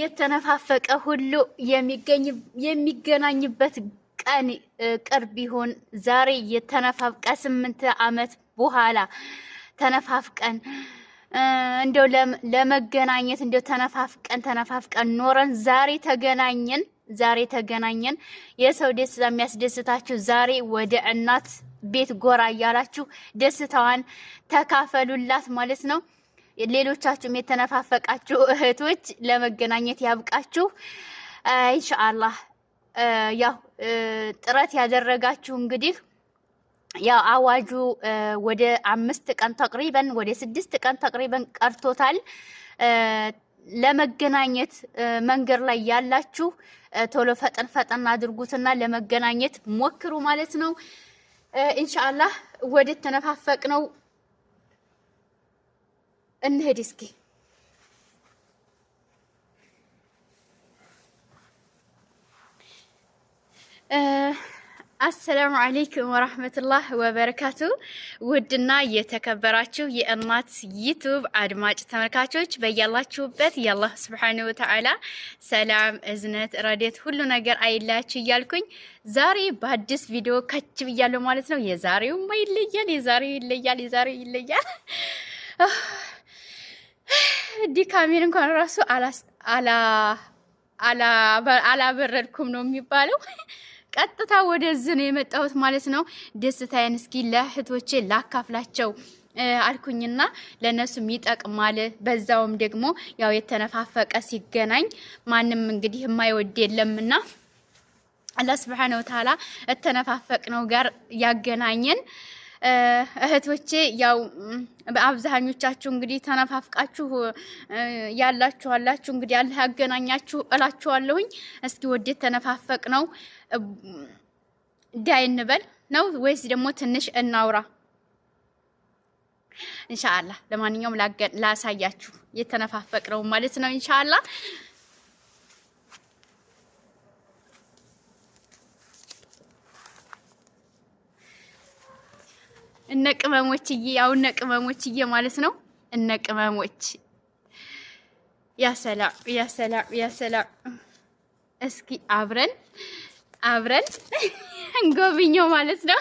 የተነፋፈቀ ሁሉ የሚገናኝበት ቀን ቅርብ ይሁን። ዛሬ የተነፋፍቀ ስምንት ዓመት በኋላ ተነፋፍቀን እንደው ለመገናኘት እንደው ተነፋፍቀን ተነፋፍቀን ኖረን ዛሬ ተገናኘን። ዛሬ ተገናኘን። የሰው ደስታ የሚያስደስታችሁ ዛሬ ወደ እናት ቤት ጎራ እያላችሁ ደስታዋን ተካፈሉላት ማለት ነው። ሌሎቻችሁም የተነፋፈቃችሁ እህቶች ለመገናኘት ያብቃችሁ ኢንሻአላህ። ያው ጥረት ያደረጋችሁ እንግዲህ ያው አዋጁ ወደ አምስት ቀን ተቅሪበን ወደ ስድስት ቀን ተቅሪበን ቀርቶታል። ለመገናኘት መንገድ ላይ ያላችሁ ቶሎ ፈጠን ፈጠን አድርጉትና ለመገናኘት ሞክሩ ማለት ነው። ኢንሻአላህ ወደ ተነፋፈቅ ነው እንሄድ እስኪ። አሰላሙ አለይኩም ወራህመቱላህ ወበረካቱ። ውድና የተከበራችሁ የእናት ዩቱብ አድማጭ ተመልካቾች በያላችሁበት የአላህ ስብሓን ወተዓላ ሰላም፣ እዝነት፣ ረዴት ሁሉ ነገር አይለያችሁ እያልኩኝ ዛሬ በአዲስ ቪዲዮ ከች ብያለሁ ማለት ነው። የዛሬውማ ይለያል፣ የዛሬው ይለያል፣ የዛሬው ይለያል። ዲ ድካሜን እንኳን ራሱ አላበረድኩም ነው የሚባለው። ቀጥታ ወደዚህ ነው የመጣሁት ማለት ነው። ደስታዬን እስኪ ለእህቶቼ ላካፍላቸው አልኩኝና ለእነሱም ይጠቅማል። በዛውም ደግሞ ያው የተነፋፈቀ ሲገናኝ ማንም እንግዲህ የማይወድ የለምና አላህ ስብሓነሁ ወተዓላ እተነፋፈቅ ነው ጋር ያገናኘን። እህቶቼ ያው በአብዛኞቻችሁ እንግዲህ ተነፋፍቃችሁ ያላችሁ አላችሁ። እንግዲህ አላህ ያገናኛችሁ እላችኋለሁኝ። እስኪ ወዴት ተነፋፈቅ ነው ዳይ እንበል ነው ወይስ ደግሞ ትንሽ እናውራ? ኢንሻአላህ ለማንኛውም ላሳያችሁ የተነፋፈቅ ነው ማለት ነው ኢንሻአላህ። እነ ቅመሞችዬ ያው እነ ቅመሞችዬ ማለት ነው። እነ ቅመሞች ያሰላ ያሰላ ያሰላ። እስኪ አብረን አብረን እንጎብኘው ማለት ነው።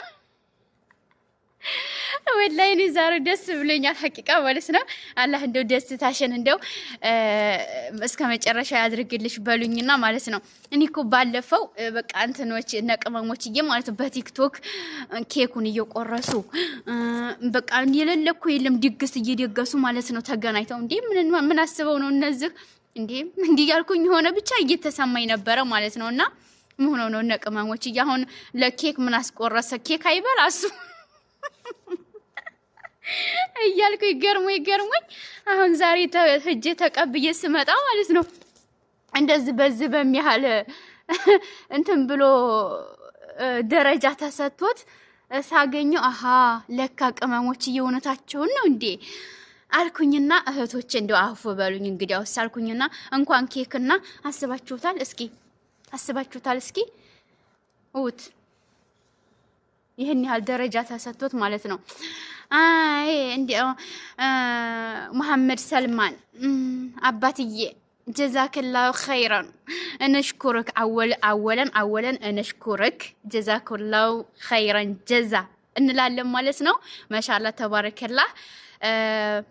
ወላሂ እኔ ዛሬ ደስ ብሎኛል። ሀቂቃ ማለት ነው። አላህ እንደው ደስታሽን እንደው እስከ መጨረሻ ያድርግልሽ በሉኝና ማለት ነው። እኔ እኮ ባለፈው በቃ እንትኖች እነ ቅመሞችዬ ማለት ነው በቲክቶክ ኬኩን እየቆረሱ በቃ የሌለ እኮ የለም ድግስ እየደገሱ ማለት ነው ተገናኝተው እንዴ ምን ምን አስበው ነው እነዚህ እንዴ እንዲህ ያልኩኝ የሆነ ብቻ እየተሰማኝ ነበረ ማለት ነው። እና ምን ሆነው ነው እነ ቅመሞችዬ አሁን ለኬክ ምን አስቆረሰ ኬክ አይበል አሱ እያልኩ ይገርሙ ይገርሙኝ። አሁን ዛሬ ህጄ ተቀብዬ ስመጣ ማለት ነው እንደዚህ በዚህ በሚያህል እንትን ብሎ ደረጃ ተሰጥቶት ሳገኘው አሀ ለካ ቅመሞች እየእውነታቸውን ነው እንዴ አልኩኝና እህቶች እንደው አፉ በሉኝ እንግዲያውስ አልኩኝና እንኳን ኬክና አስባችሁታል እስኪ አስባችሁታል እስኪ ውት ይህን ያህል ደረጃ ተሰጥቶት ማለት ነው آه إيه عندي آه محمد سلمان عباتيه جزاك الله خيرا أنا أشكرك أول أولا أولا أنا أشكرك جزاك الله خيرا جزا إن لا مالس نو ما شاء الله تبارك الله آه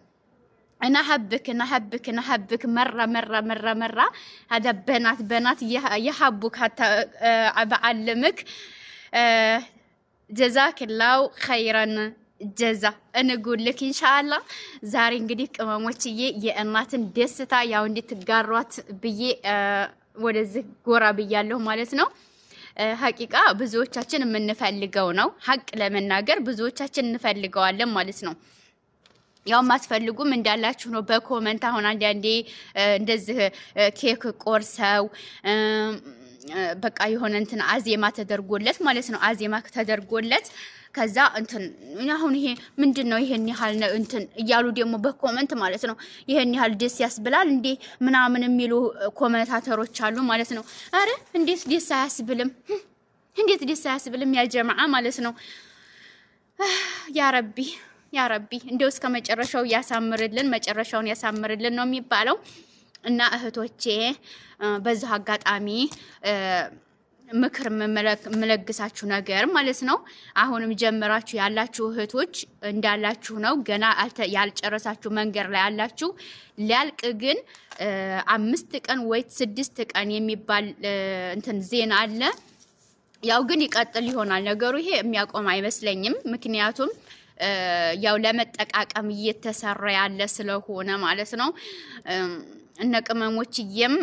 أنا أحبك أنا أحبك أنا أحبك مرة مرة مرة مرة هذا بنات بنات يحبك حتى أه بعلمك أه جزاك الله خيرا ጀዛ እንጉልክ ኢንሻአላ። ዛሬ እንግዲህ ቅመሞችዬ የእናትን ደስታ ያው እንድትጋሯት ብዬ ወደዚህ ጎራ ብያለሁ ማለት ነው። ሀቂቃ ብዙዎቻችን የምንፈልገው ነው። ሀቅ ለመናገር ብዙዎቻችን እንፈልገዋለን ማለት ነው። ያው ማስፈልጉም እንዳላችሁ ነው። በኮመንት አሁን አንዳንዴ እንደዚህ ኬክ ቆርሰው በቃ የሆነ እንትን አዜማ ተደርጎለት ማለት ነው። አዜማ ተደርጎለት ከዛ እንትን አሁን ይሄ ምንድን ነው? ይሄን ያህል እንትን እያሉ ደግሞ በኮመንት ማለት ነው ይሄን ያህል ደስ ያስብላል እንዴ ምናምን የሚሉ ኮመንታተሮች አሉ ማለት ነው። አረ እንዴት ደስ አያስብልም? እንዴት ደስ አያስብልም? ያጀማ ማለት ነው። ያረቢ ያረቢ፣ እንደው እስከ መጨረሻው ያሳምርልን፣ መጨረሻውን ያሳምርልን ነው የሚባለው። እና እህቶቼ በዛው አጋጣሚ ምክር የምለግሳችሁ ነገር ማለት ነው። አሁንም ጀምራችሁ ያላችሁ እህቶች እንዳላችሁ ነው። ገና ያልጨረሳችሁ መንገድ ላይ ያላችሁ ሊያልቅ ግን አምስት ቀን ወይ ስድስት ቀን የሚባል እንትን ዜና አለ። ያው ግን ይቀጥል ይሆናል ነገሩ። ይሄ የሚያቆም አይመስለኝም። ምክንያቱም ያው ለመጠቃቀም እየተሰራ ያለ ስለሆነ ማለት ነው። እነ ቅመሞችዬም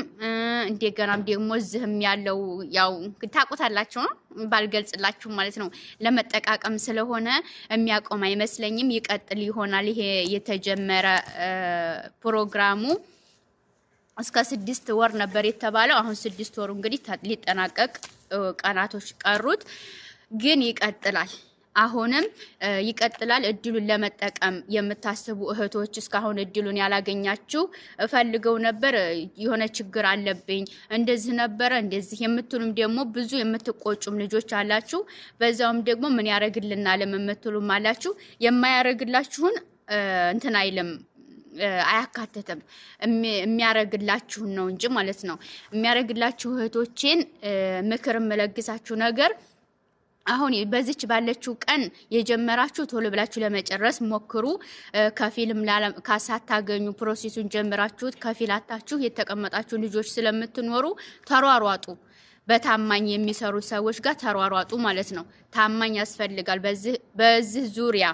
እንደገናም ደግሞ እዚህም ያለው ያው ታውቁታላችሁ ነው ባልገልጽላችሁ ማለት ነው። ለመጠቃቀም ስለሆነ የሚያቆም አይመስለኝም። ይቀጥል ይሆናል ይሄ የተጀመረ ፕሮግራሙ እስከ ስድስት ወር ነበር የተባለው። አሁን ስድስት ወሩ እንግዲህ ሊጠናቀቅ ቀናቶች ቀሩት፣ ግን ይቀጥላል። አሁንም ይቀጥላል። እድሉን ለመጠቀም የምታስቡ እህቶች እስካሁን እድሉን ያላገኛችሁ እፈልገው ነበር፣ የሆነ ችግር አለብኝ፣ እንደዚህ ነበረ፣ እንደዚህ የምትሉም ደግሞ ብዙ የምትቆጩም ልጆች አላችሁ። በዛውም ደግሞ ምን ያደረግልናል የምትሉም አላችሁ። የማያደርግላችሁን እንትን አይልም አያካትትም የሚያደርግላችሁን ነው እንጂ ማለት ነው። የሚያረግላችሁ እህቶቼን ምክር የምለግሳችሁ ነገር አሁን በዚች ባለችው ቀን የጀመራችሁ ቶሎ ብላችሁ ለመጨረስ ሞክሩ። ከፊልም ካሳታገኙ ፕሮሴሱን ጀምራችሁት ከፊል አታችሁ የተቀመጣችሁ ልጆች ስለምትኖሩ ተሯሯጡ። በታማኝ የሚሰሩ ሰዎች ጋር ተሯሯጡ ማለት ነው። ታማኝ ያስፈልጋል። በዚህ ዙሪያ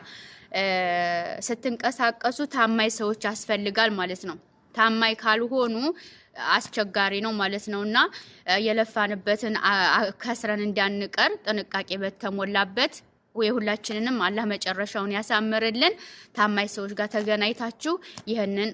ስትንቀሳቀሱ ታማኝ ሰዎች ያስፈልጋል ማለት ነው። ታማኝ ካልሆኑ አስቸጋሪ ነው ማለት ነው እና የለፋንበትን ከስረን እንዳንቀር ጥንቃቄ በተሞላበት የሁላችንንም አላህ መጨረሻውን ያሳምርልን። ታማኝ ሰዎች ጋር ተገናኝታችሁ ይህንን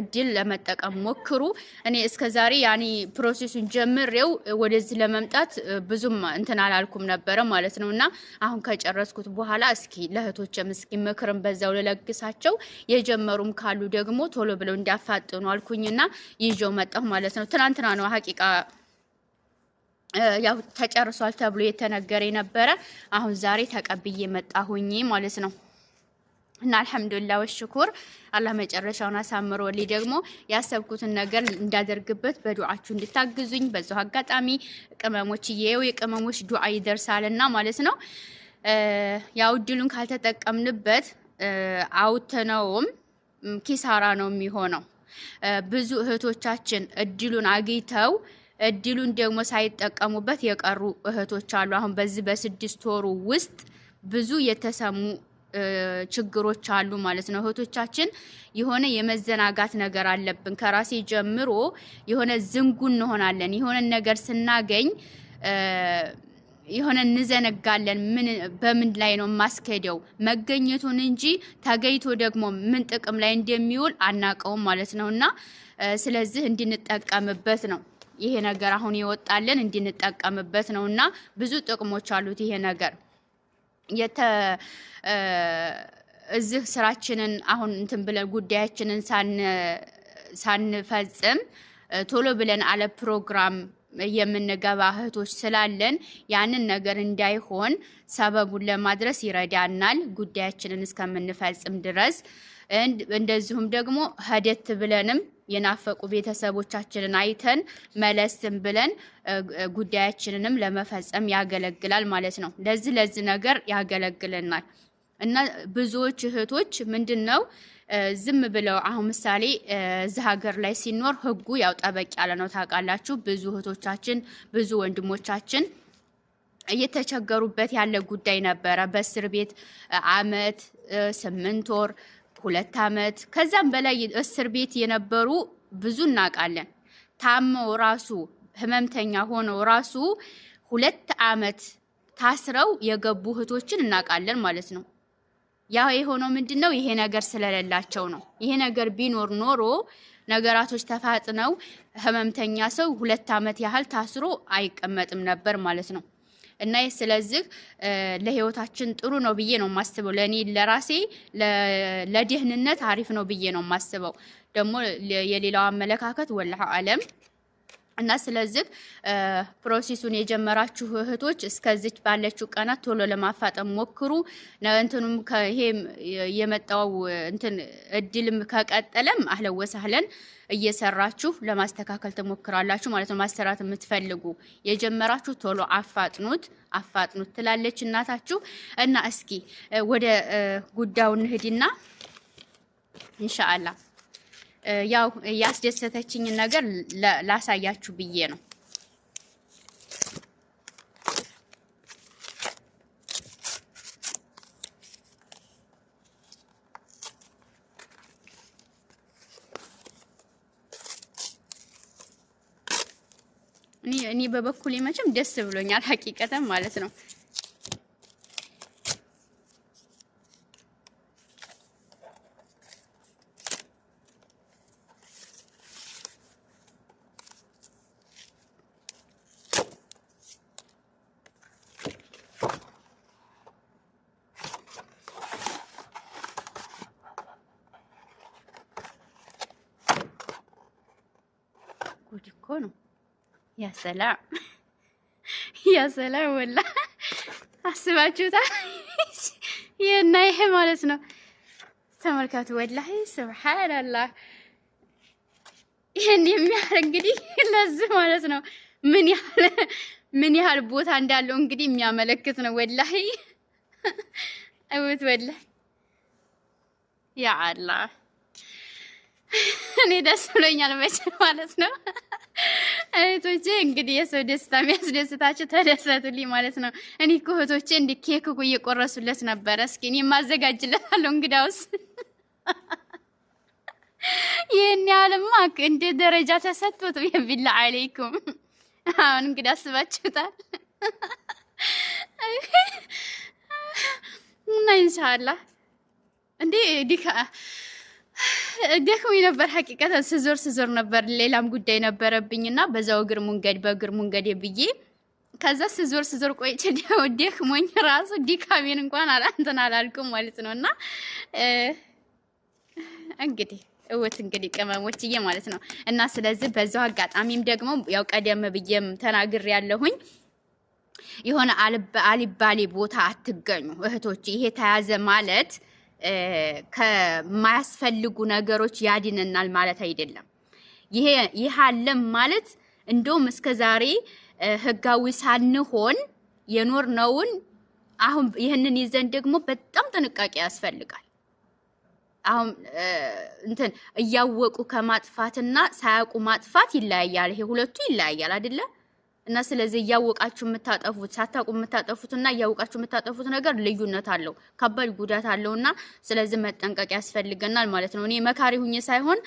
እድል ለመጠቀም ሞክሩ። እኔ እስከ ዛሬ ያኔ ፕሮሴሱን ጀምሬው ወደዚህ ለመምጣት ብዙም እንትን አላልኩም ነበረ ማለት ነው። እና አሁን ከጨረስኩት በኋላ እስኪ ለእህቶችም እስኪ ምክርም በዛው ልለግሳቸው፣ የጀመሩም ካሉ ደግሞ ቶሎ ብለው እንዲያፋጥኑ አልኩኝና ይዤው መጣሁ ማለት ነው። ትናንትና ነው ሀቂቃ ያው ተጨርሷል ተብሎ የተነገረ ነበረ። አሁን ዛሬ ተቀብዬ መጣሁኝ ማለት ነው። እና አልሐምዱላ ወሽኩር አላህ መጨረሻውን አሳምሮልኝ ደግሞ ያሰብኩትን ነገር እንዳደርግበት በዱዓችሁ እንድታግዙኝ በዛው አጋጣሚ ቅመሞች እየው የቅመሞች ዱዓ ይደርሳልና ማለት ነው። ያው እድሉን ካልተጠቀምንበት አውተነውም ኪሳራ ነው የሚሆነው። ብዙ እህቶቻችን እድሉን አግኝተው እድሉን ደግሞ ሳይጠቀሙበት የቀሩ እህቶች አሉ። አሁን በዚህ በስድስት ወሩ ውስጥ ብዙ የተሰሙ ችግሮች አሉ ማለት ነው። እህቶቻችን የሆነ የመዘናጋት ነገር አለብን። ከራሴ ጀምሮ የሆነ ዝንጉ እንሆናለን። የሆነ ነገር ስናገኝ የሆነ እንዘነጋለን። ምን በምን ላይ ነው ማስኬደው መገኘቱን እንጂ ተገኝቶ ደግሞ ምን ጥቅም ላይ እንደሚውል አናቀውም ማለት ነው። እና ስለዚህ እንድንጠቀምበት ነው ይሄ ነገር አሁን የወጣልን እንድንጠቀምበት ነው። እና ብዙ ጥቅሞች አሉት ይሄ ነገር። የተ እዚህ ስራችንን አሁን እንትን ብለን ጉዳያችንን ሳንፈጽም ቶሎ ብለን አለ ፕሮግራም የምንገባ እህቶች ስላለን ያንን ነገር እንዳይሆን ሰበቡን ለማድረስ ይረዳናል፣ ጉዳያችንን እስከምንፈጽም ድረስ። እንደዚሁም ደግሞ ሂደት ብለንም የናፈቁ ቤተሰቦቻችንን አይተን መለስም ብለን ጉዳያችንንም ለመፈጸም ያገለግላል ማለት ነው። ለዚህ ለዚህ ነገር ያገለግለናል እና ብዙዎች እህቶች ምንድን ነው ዝም ብለው አሁን ምሳሌ እዚህ ሀገር ላይ ሲኖር ህጉ ያው ጠበቅ ያለ ነው ታውቃላችሁ። ብዙ እህቶቻችን ብዙ ወንድሞቻችን እየተቸገሩበት ያለ ጉዳይ ነበረ። በእስር ቤት አመት ስምንት ወር ሁለት ዓመት ከዛም በላይ እስር ቤት የነበሩ ብዙ እናውቃለን። ታመው ራሱ ህመምተኛ ሆነው ራሱ ሁለት ዓመት ታስረው የገቡ እህቶችን እናውቃለን ማለት ነው። ያ የሆነው ምንድን ነው? ይሄ ነገር ስለሌላቸው ነው። ይሄ ነገር ቢኖር ኖሮ ነገራቶች ተፋጥነው ህመምተኛ ሰው ሁለት ዓመት ያህል ታስሮ አይቀመጥም ነበር ማለት ነው። እና ስለዚህ ለህይወታችን ጥሩ ነው ብዬ ነው የማስበው። ለእኔ ለራሴ ለደህንነት አሪፍ ነው ብዬ ነው የማስበው። ደግሞ የሌላው አመለካከት ወላሂ አለም እና ስለዚህ ፕሮሴሱን የጀመራችሁ እህቶች እስከዚች ባለችው ቀናት ቶሎ ለማፋጠም ሞክሩ። እንትኑም ይሄም የመጣው እንትን እድልም ከቀጠለም አህለወሳህለን እየሰራችሁ ለማስተካከል ትሞክራላችሁ ማለት ነው። ማሰራት የምትፈልጉ የጀመራችሁ ቶሎ አፋጥኑት አፋጥኑት ትላለች እናታችሁ። እና እስኪ ወደ ጉዳዩ እንሂድና ኢንሻአላህ ያው ያስደሰተችኝን ነገር ላሳያችሁ ብዬ ነው። እኔ በበኩሌ መቼም ደስ ብሎኛል ሀቂቀተም ማለት ነው። ጉድ እኮ ነው። ያሰላም ያሰላም፣ ወላ አስባችሁታል? ይህና ይሄ ማለት ነው ተመልካቱ። ወላሂ ስብሓንላህ፣ ይህን የሚያህል እንግዲህ ለዚህ ማለት ነው ምን ያህል ምን ያህል ቦታ እንዳለው እንግዲህ የሚያመለክት ነው። ወላሂ እውት ወላሂ ያ አላህ እኔ ደስ ብሎኛል መቼ ማለት ነው። እህቶቼ እንግዲህ የሰው ደስታ የሚያስደስታቸው ተደሰቱልኝ ማለት ነው። እኔ እኮ እህቶቼ እንዲ ኬክ እየቆረሱለት ነበረ። እስኪ እኔ የማዘጋጅለታለሁ እንግዳውስ ይህን ያህልማ እንደ ደረጃ ተሰጥቶት የቢላ አሌይኩም። አሁን እንግዲህ አስባችሁታል እና እንዲህ ዲካ ደክሞኝ ነበር ሀቂቀተን ስዞር ስዞር ነበር። ሌላም ጉዳይ ነበረብኝ እና በዛው እግር ሙንገድ በእግር ሙንገድ ብዬ ከዛ ስዞር ስዞር ቆይቼ ደክሞኝ ራሱ ዲካሜን እንኳን አላንትን አላልኩም ማለት ነው። እና እንግዲህ እውት እንግዲህ ቅመሞችዬ ማለት ነው። እና ስለዚህ በዛው አጋጣሚም ደግሞ ያው ቀደም ብዬም ተናግር ያለሁኝ የሆነ አልባሌ ቦታ አትገኙ እህቶች። ይሄ ተያዘ ማለት ከማያስፈልጉ ነገሮች ያድነናል ማለት አይደለም። ይሄ ይህ አለም ማለት እንደውም እስከ ዛሬ ህጋዊ ሳንሆን የኖርነውን አሁን ይህንን ይዘን ደግሞ በጣም ጥንቃቄ ያስፈልጋል። አሁን እንትን እያወቁ ከማጥፋትና ሳያውቁ ማጥፋት ይለያያል። ይሄ ሁለቱ ይለያያል አይደለ? እና ስለዚህ እያወቃችሁ የምታጠፉት ሳታውቁ የምታጠፉትና እያወቃችሁ የምታጠፉት ነገር ልዩነት አለው፣ ከባድ ጉዳት አለውና ስለዚህ መጠንቀቅ ያስፈልገናል ማለት ነው። እኔ መካሪ ሁኜ ሳይሆን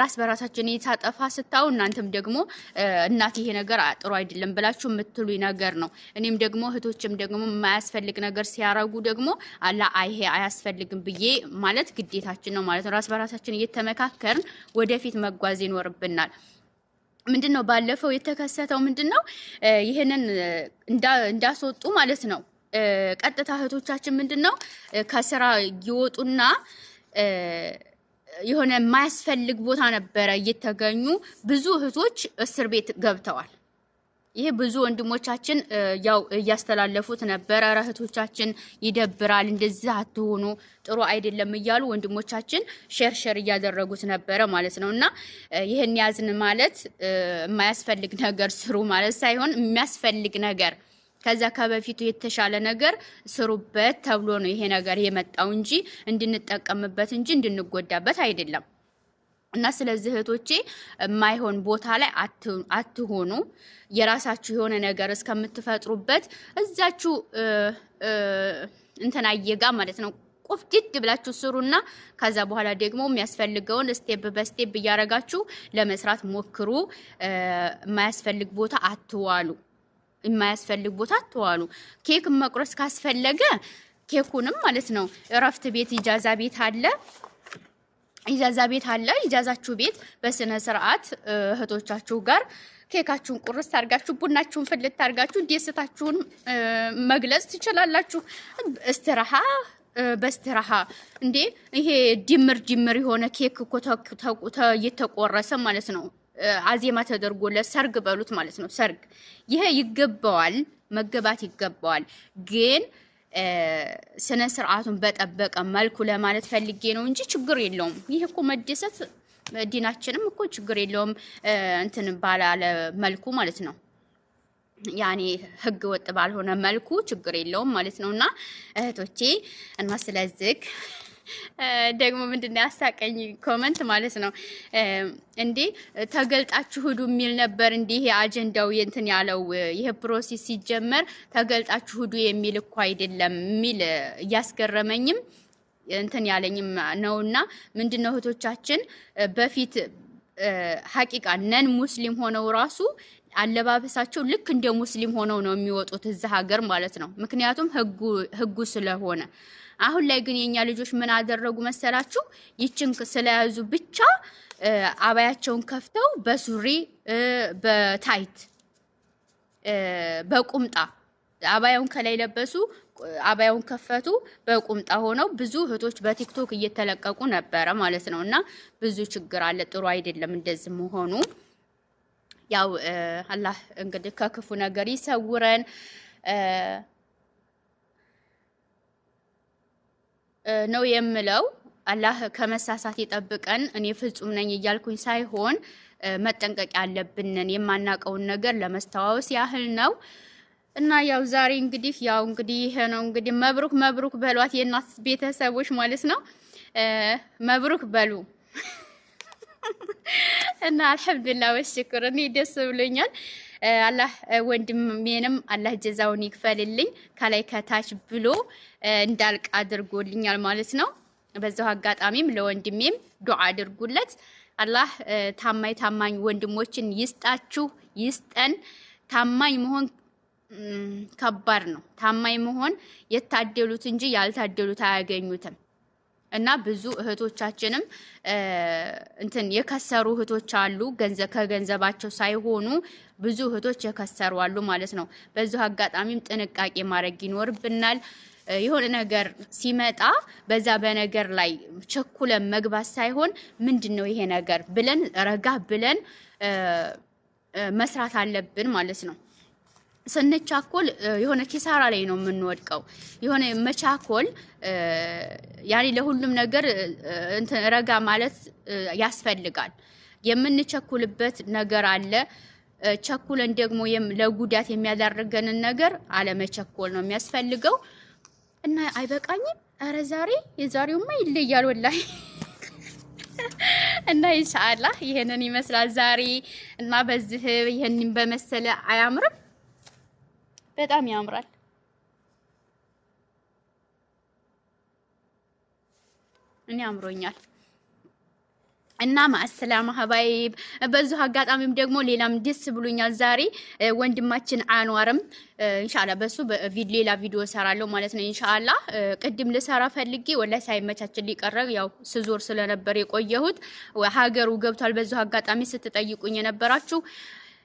ራስ በራሳችን የታጠፋ ስታው እናንተም ደግሞ እናት ይሄ ነገር ጥሩ አይደለም ብላችሁ የምትሉ ነገር ነው። እኔም ደግሞ እህቶችም ደግሞ የማያስፈልግ ነገር ሲያረጉ ደግሞ አላ አይሄ አያስፈልግም ብዬ ማለት ግዴታችን ነው ማለት ነው። ራስ በራሳችን እየተመካከርን ወደፊት መጓዝ ይኖርብናል። ምንድን ነው ባለፈው የተከሰተው ምንድን ነው ይህንን እንዳስወጡ ማለት ነው። ቀጥታ እህቶቻችን ምንድን ነው ከስራ ይወጡና የሆነ የማያስፈልግ ቦታ ነበረ እየተገኙ ብዙ እህቶች እስር ቤት ገብተዋል። ይህ ብዙ ወንድሞቻችን ያው እያስተላለፉት ነበረ። እህቶቻችን ይደብራል፣ እንደዚህ አትሆኑ፣ ጥሩ አይደለም እያሉ ወንድሞቻችን ሸርሸር እያደረጉት ነበረ ማለት ነው። እና ይህን ያዝን ማለት የማያስፈልግ ነገር ስሩ ማለት ሳይሆን የሚያስፈልግ ነገር ከዛ ከበፊቱ የተሻለ ነገር ስሩበት ተብሎ ነው ይሄ ነገር የመጣው እንጂ እንድንጠቀምበት እንጂ እንድንጎዳበት አይደለም። እና ስለዚህ እህቶቼ የማይሆን ቦታ ላይ አትሆኑ። የራሳችሁ የሆነ ነገር እስከምትፈጥሩበት እዛችሁ እንትን አየጋ ማለት ነው ቁፍ ድድ ብላችሁ ስሩና ከዛ በኋላ ደግሞ የሚያስፈልገውን ስቴፕ በስቴፕ እያረጋችሁ ለመስራት ሞክሩ። የማያስፈልግ ቦታ አትዋሉ። የማያስፈልግ ቦታ አትዋሉ። ኬክ መቁረስ ካስፈለገ ኬኩንም ማለት ነው እረፍት ቤት፣ ኢጃዛ ቤት አለ ኢጃዛ ቤት አለ። ኢጃዛችሁ ቤት በስነ ስርዓት እህቶቻችሁ ጋር ኬካችሁን ቁርስ አርጋችሁ ቡናችሁን ፍልት አርጋችሁ ደስታችሁን መግለጽ ትችላላችሁ። እስትራሃ በስትራሃ እንዴ ይሄ ድምር ድምር የሆነ ኬክ እኮ እየተቆረሰ ማለት ነው። አዜማ ተደርጎ ሰርግ በሉት ማለት ነው። ሰርግ ይሄ ይገባዋል፣ መገባት ይገባዋል ግን ስነ ስርዓቱን በጠበቀ መልኩ ለማለት ፈልጌ ነው እንጂ ችግር የለውም። ይህ እኮ መደሰት ዲናችንም እኮ ችግር የለውም እንትን ባላለ መልኩ ማለት ነው። ያኔ ህግ ወጥ ባልሆነ መልኩ ችግር የለውም ማለት ነው። እና እህቶቼ እና ስለዚህ ደግሞ ምንድነው ያሳቀኝ ኮመንት ማለት ነው እንዴ ተገልጣችሁ ሂዱ የሚል ነበር። እንዲህ ይሄ አጀንዳው እንትን ያለው ይሄ ፕሮሴስ ሲጀመር ተገልጣችሁ ሂዱ የሚል እኮ አይደለም የሚል እያስገረመኝም እንትን ያለኝም ነውና ምንድነው እህቶቻችን በፊት ሀቂቃ ነን ሙስሊም ሆነው ራሱ አለባበሳቸው ልክ እንደ ሙስሊም ሆነው ነው የሚወጡት እዛ ሀገር ማለት ነው። ምክንያቱም ህጉ ስለሆነ አሁን ላይ ግን የኛ ልጆች ምን አደረጉ መሰላችሁ? ይችን ስለያዙ ብቻ አባያቸውን ከፍተው በሱሪ በታይት በቁምጣ አባያውን ከላይ ለበሱ፣ አባያውን ከፈቱ፣ በቁምጣ ሆነው ብዙ እህቶች በቲክቶክ እየተለቀቁ ነበረ ማለት ነው። እና ብዙ ችግር አለ። ጥሩ አይደለም እንደዚህ መሆኑ። ያው አላህ እንግዲህ ከክፉ ነገር ይሰውረን። ነው የምለው። አላህ ከመሳሳት ይጠብቀን። እኔ ፍጹም ነኝ እያልኩኝ ሳይሆን መጠንቀቅ ያለብንን የማናውቀውን ነገር ለመስተዋወስ ያህል ነው። እና ያው ዛሬ እንግዲህ ያው እንግዲህ ይሄ ነው እንግዲህ መብሩክ መብሩክ በሏት የእናት ቤተሰቦች ማለት ነው። መብሩክ በሉ እና አልሐምዱሊላህ ወሽኩር። እኔ ደስ ብሎኛል። አላህ ወንድሜንም አላህ ጀዛውን ይክፈልልኝ ከላይ ከታች ብሎ እንዳልቅ አድርጎልኛል ማለት ነው። በዛው አጋጣሚም ለወንድሜም ዱዓ አድርጉለት። አላህ ታማኝ ታማኝ ወንድሞችን ይስጣችሁ ይስጠን። ታማኝ መሆን ከባድ ነው። ታማኝ መሆን የታደሉት እንጂ ያልታደሉት አያገኙትም። እና ብዙ እህቶቻችንም እንትን የከሰሩ እህቶች አሉ። ገንዘብ ከገንዘባቸው ሳይሆኑ ብዙ እህቶች የከሰሩ አሉ ማለት ነው። በዚሁ አጋጣሚም ጥንቃቄ ማድረግ ይኖርብናል። የሆነ ነገር ሲመጣ በዛ በነገር ላይ ቸኩለን መግባት ሳይሆን ምንድን ነው ይሄ ነገር ብለን ረጋ ብለን መስራት አለብን ማለት ነው። ስንቻኮል የሆነ ኪሳራ ላይ ነው የምንወድቀው። የሆነ መቻኮል ያኔ ለሁሉም ነገር ረጋ ማለት ያስፈልጋል። የምንቸኩልበት ነገር አለ። ቸኩለን ደግሞ ለጉዳት የሚያዳርገንን ነገር አለመቸኮል ነው የሚያስፈልገው። እና አይበቃኝም። ኧረ ዛሬ የዛሬውማ ይለያል ወላሂ እና ኢንሻአላህ ይሄንን ይመስላል ዛሬ እና በዚህ ይሄንን በመሰለ አያምርም። በጣም ያምራል። እኔ አምሮኛል። እና ማሰላማ ሀባይብ በዙ አጋጣሚም ደግሞ ሌላም ደስ ብሎኛል። ዛሬ ወንድማችን አኗርም ኢንሻአላ በሱ ሌላ ቪዲዮ ሰራለሁ ማለት ነው ኢንሻአላ። ቅድም ልሰራ ፈልጌ ወላሂ ሳይመቻችን ሊቀረብ ያው ስዞር ስለነበር የቆየሁት ሀገሩ ገብቷል። በዙ አጋጣሚ ስትጠይቁኝ የነበራችሁ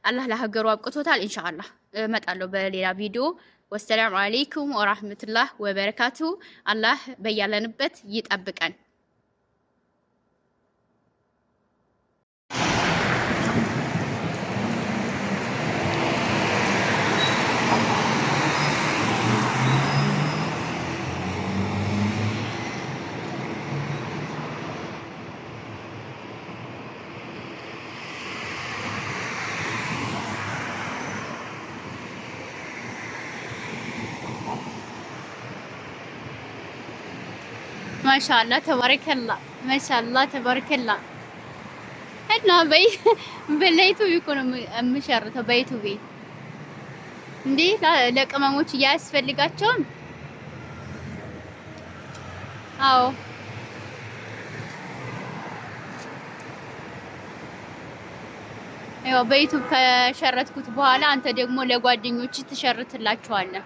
አላህ ለሀገሩ አብቅቶታል። ኢንሻአላህ እመጣለሁ በሌላ ቪዲዮ። ወሰላም አለይኩም ወራህመቱላህ ወበረካቱ። አላህ በያለንበት ይጠብቀን። ማሻላ ተባረከላ ማሻላ ተባረከላ እና በይ በዩቱብ እኮ ነው የምሸርተው። በዩቱብ እንዴ ለቅመሞች እያስፈልጋቸውም። አዎ ያው በዩቱብ ከሸረትኩት በኋላ አንተ ደግሞ ለጓደኞች ትሸርትላችኋለህ።